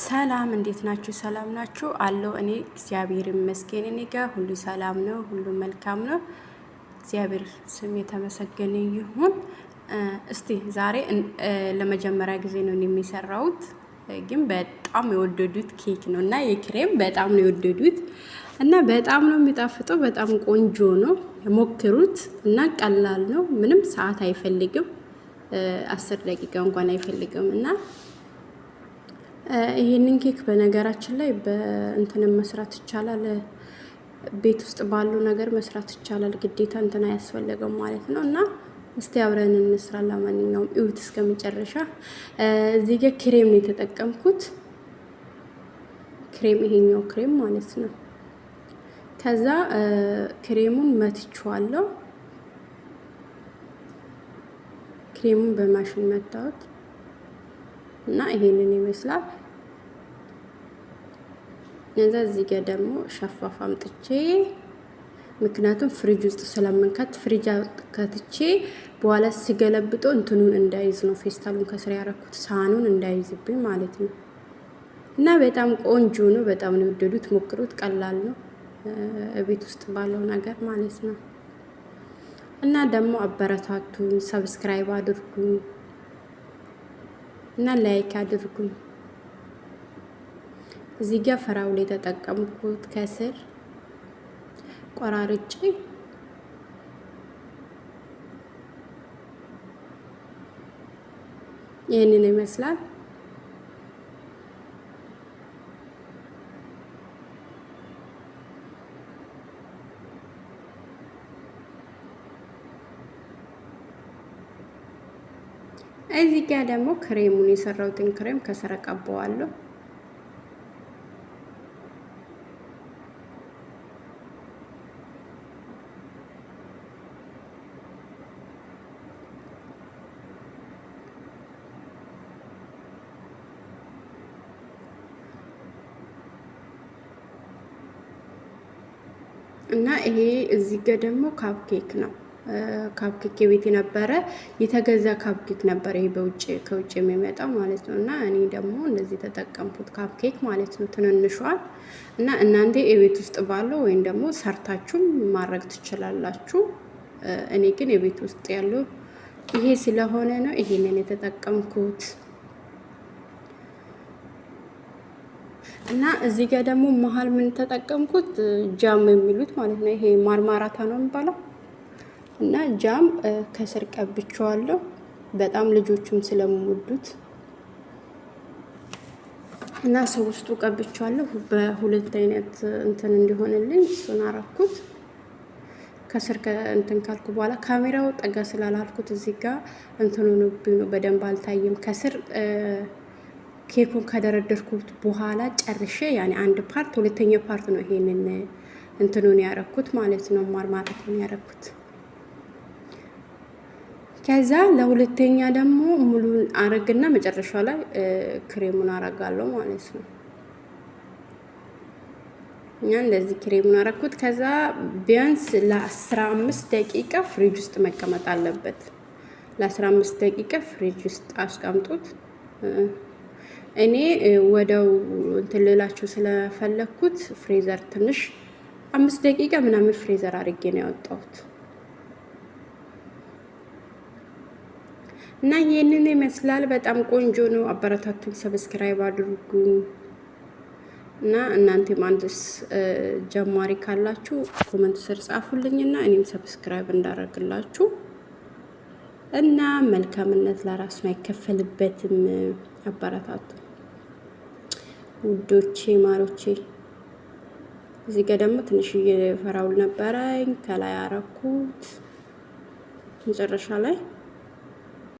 ሰላም እንዴት ናችሁ? ሰላም ናችሁ? አለው እኔ እግዚአብሔር ይመስገን፣ እኔ ጋ ሁሉ ሰላም ነው፣ ሁሉ መልካም ነው። እግዚአብሔር ስም የተመሰገነ ይሁን። እስቲ ዛሬ ለመጀመሪያ ጊዜ ነው የሚሰራውት፣ ግን በጣም የወደዱት ኬክ ነው እና የክሬም በጣም ነው የወደዱት እና በጣም ነው የሚጣፍጠው። በጣም ቆንጆ ነው፣ የሞክሩት እና ቀላል ነው፣ ምንም ሰዓት አይፈልግም፣ አስር ደቂቃ እንኳን አይፈልግም እና ይህንን ኬክ በነገራችን ላይ በእንትንም መስራት ይቻላል። ቤት ውስጥ ባለው ነገር መስራት ይቻላል። ግዴታ እንትን አያስፈለገም ማለት ነው እና እስቲ አብረን እንስራ። ለማንኛውም እዩት እስከ መጨረሻ። እዚህ ጋር ክሬም ነው የተጠቀምኩት። ክሬም ይሄኛው ክሬም ማለት ነው። ከዛ ክሬሙን መትቼዋለሁ። ክሬሙን በማሽን መታወት እና ይሄንን ይመስላል። ከዛ እዚህ ጋር ደግሞ ሸፋፍ አምጥቼ ምክንያቱም ፍሪጅ ውስጥ ስለምንከት ፍሪጅ ከትቼ በኋላ ሲገለብጦ እንትኑን እንዳይዝ ነው፣ ፌስታሉን ከስራ ያረኩት ሳህኑን እንዳይዝብኝ ማለት ነው። እና በጣም ቆንጆ ነው። በጣም ነው የወደዱት። ሞክሩት። ቀላል ነው፣ ቤት ውስጥ ባለው ነገር ማለት ነው። እና ደግሞ አበረታቱኝ፣ ሰብስክራይብ አድርጉኝ። እና ላይክ አድርጉኝ። እዚህ ጋር ፍራውል የተጠቀምኩት ከስር ቆራርጬ ይህንን ይመስላል። እዚህ ጋር ደግሞ ክሬሙን የሰራሁትን ክሬም ከስር ቀባዋለሁ። እና ይሄ እዚህ ጋር ደግሞ ካፕ ኬክ ነው። ካፕኬክ የቤት ነበረ የተገዛ ካፕኬክ ነበረ። ይሄ በውጭ ከውጭ የሚመጣው ማለት ነው። እና እኔ ደግሞ እንደዚህ የተጠቀምኩት ካፕኬክ ማለት ነው ትንንሿን። እና እናንተ የቤት ውስጥ ባለው ወይም ደግሞ ሰርታችሁም ማድረግ ትችላላችሁ። እኔ ግን የቤት ውስጥ ያለው ይሄ ስለሆነ ነው ይሄንን የተጠቀምኩት። እና እዚህ ጋር ደግሞ መሀል ምን ተጠቀምኩት ጃም የሚሉት ማለት ነው። ይሄ ማርማራታ ነው የሚባለው እና ጃም ከስር ቀብቼዋለሁ። በጣም ልጆቹም ስለምወዱት እና ሰው ውስጡ ቀብቼዋለሁ። በሁለት አይነት እንትን እንዲሆንልኝ እሱን አረኩት። ከስር እንትን ካልኩ በኋላ ካሜራው ጠጋ ስላላልኩት እዚህ ጋር እንትኑ ሆኖብኝ ነው፣ በደንብ አልታየም። ከስር ኬኩን ከደረደርኩት በኋላ ጨርሼ ያኔ አንድ ፓርት፣ ሁለተኛ ፓርት ነው ይሄንን እንትኑን ያረኩት ማለት ነው። ማርማራቱን ያረኩት ከዛ ለሁለተኛ ደግሞ ሙሉን አረግና መጨረሻ ላይ ክሬሙን አረጋለሁ ማለት ነው። እኛ እንደዚህ ክሬሙን አረኩት። ከዛ ቢያንስ ለአስራ አምስት ደቂቃ ፍሪጅ ውስጥ መቀመጥ አለበት። ለአስራ አምስት ደቂቃ ፍሪጅ ውስጥ አስቀምጡት። እኔ ወደው እንትን ልላችሁ ስለፈለግኩት ፍሬዘር ትንሽ አምስት ደቂቃ ምናምን ፍሬዘር አድርጌ ነው ያወጣሁት። እና ይህንን ይመስላል። በጣም ቆንጆ ነው። አበረታቱኝ፣ ሰብስክራይብ አድርጉ እና እናንተም አንድስ ጀማሪ ካላችሁ ኮመንት ስር ጻፉልኝና እኔም ሰብስክራይብ እንዳደረግላችሁ እና መልካምነት ለራስ አይከፈልበትም። አበረታቱ ውዶቼ ማሮቼ። እዚህ ጋር ደግሞ ትንሽዬ ፈራውል ነበረኝ ከላይ አረኩት መጨረሻ ላይ